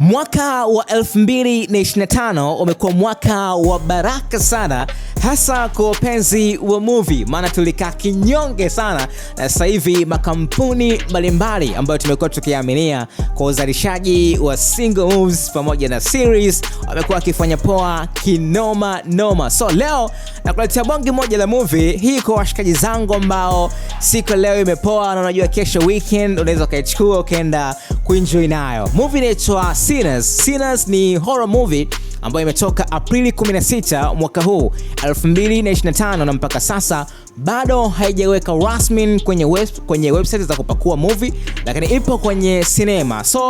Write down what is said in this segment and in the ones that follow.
Mwaka wa 2025 umekuwa mwaka wa baraka sana, hasa kwa wapenzi wa movie, maana tulikaa kinyonge sana, na sasa hivi makampuni mbalimbali ambayo tumekuwa tukiaminia kwa uzalishaji wa single moves pamoja na series wamekuwa wakifanya poa kinoma noma. So leo nakuletea bonge moja la movie hii kwa washikaji zangu ambao siku leo imepoa, na unajua kesho weekend unaweza ukaichukua ukaenda kuenjoy nayo. Movie inaitwa Sinners. Sinners ni horror movie ambayo imetoka Aprili 16 mwaka huu 2025 na mpaka sasa bado haijaweka rasmi kwenye web, kwenye website za kupakua movie, lakini ipo kwenye sinema. So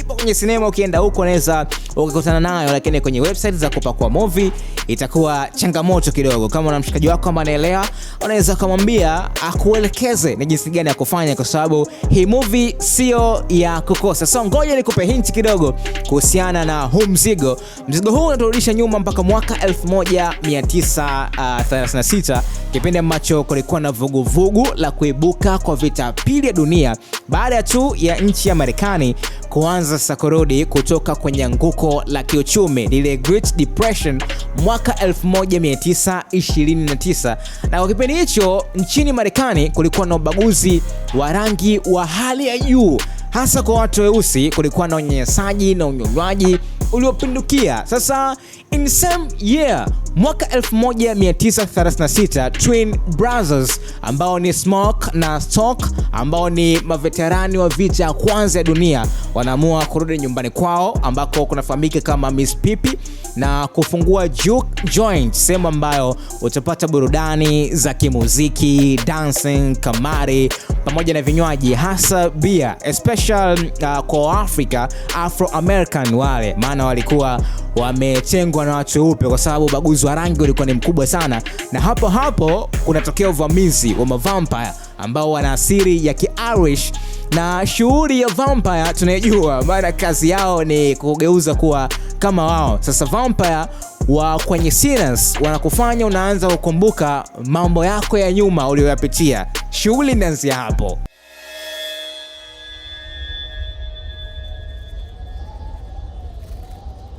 ipo kwenye sinema, ukienda huko unaweza ukakutana nayo, lakini kwenye website za kupakua movie itakuwa changamoto kidogo. Kama una mshikaji wako ambaye anaelewa, unaweza kumwambia akuelekeze ni jinsi gani ya kufanya, kwa sababu hii movie sio ya kukosa. So ngoja nikupe hint kidogo kuhusiana na huu mzigo. Mzigo huu unaturudisha nyuma mpaka mwaka 1936 uh, kipindi ambacho ambacho kulikuwa na vuguvugu vugu la kuibuka kwa vita pili ya dunia baada ya tu ya nchi ya Marekani kuanza sakorodi kutoka kwenye anguko la kiuchumi lile Great Depression mwaka 1929. Na kwa kipindi hicho nchini Marekani kulikuwa na ubaguzi wa rangi wa hali ya juu, hasa kwa watu weusi. Kulikuwa na unyanyasaji na unyonywaji uliopindukia. Sasa in same year Mwaka 1936 Twin Brothers ambao ni Smoke na Stock ambao ni maveterani wa vita ya kwanza ya dunia wanaamua kurudi nyumbani kwao ambako kunafahamika kama Miss Pipi na kufungua Juke Joint, sehemu ambayo utapata burudani za kimuziki, dancing, kamari pamoja na vinywaji hasa bia especially uh, kwa Afrika Afro American wale, maana walikuwa wametengwa na watu weupe kwa sababu ubaguzi wa rangi ulikuwa ni mkubwa sana, na hapo hapo kunatokea uvamizi wa mavampire ambao wana asili ya Kiirish na shughuli ya vampire tunayejua, maana kazi yao ni kugeuza kuwa kama wao. Sasa vampire wa kwenye serials wanakufanya unaanza kukumbuka mambo yako ya nyuma uliyoyapitia. Shughuli inaanzia hapo.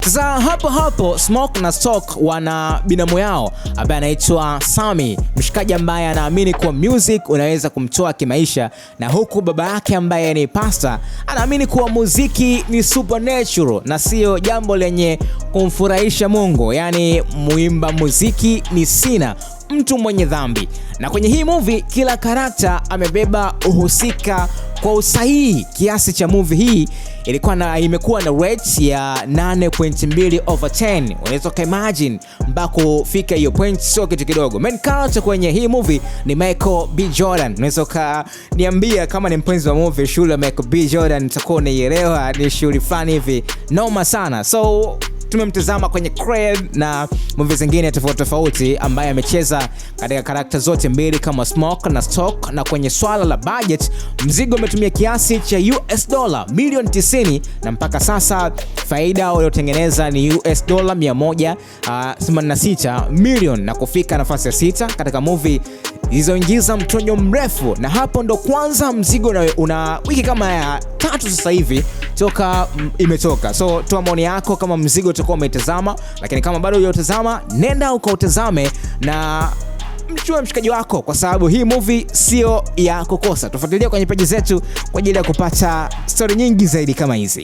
Sasa hapo hapo Smoke na Stock wana binamu yao ambaye anaitwa Sami, mshikaji ambaye anaamini kuwa music unaweza kumtoa kimaisha, na huku baba yake ambaye ni pasta anaamini kuwa muziki ni supernatural na siyo jambo lenye kumfurahisha Mungu, yaani muimba muziki ni sina mtu mwenye dhambi. Na kwenye hii movie kila karakta amebeba uhusika kwa usahihi kiasi cha movie hii ilikuwa na imekuwa na rate ya 8.2 over 10. Unaweza imagine mpaka fika hiyo point sio kitu kidogo. Main character kwenye hii movie ni Michael B Jordan. Unaweza kuniambia kama ni mpenzi wa movie shule Michael B Jordan, utakuwa unaielewa ni shughuli fulani hivi noma sana so tumemtazama kwenye Crave na movie zingine tofauti tofauti, ambaye amecheza katika karakta zote mbili kama Smoke na Stock. Na kwenye swala la budget, Mzigo umetumia kiasi cha US dollar milioni 90 na mpaka sasa faida waliotengeneza ni US dola 186 milioni na kufika nafasi ya sita katika movie zilizoingiza mtonyo mrefu, na hapo ndo kwanza mzigo na una wiki kama ya tatu sasa hivi toka mm, imetoka. So toa maoni yako kama mzigo utakuwa umetazama, lakini kama bado hujatazama, nenda ukautazame na mchue mshikaji wako, kwa sababu hii movie sio ya kukosa. Tufuatilia kwenye peji zetu kwa ajili ya kupata stori nyingi zaidi kama hizi.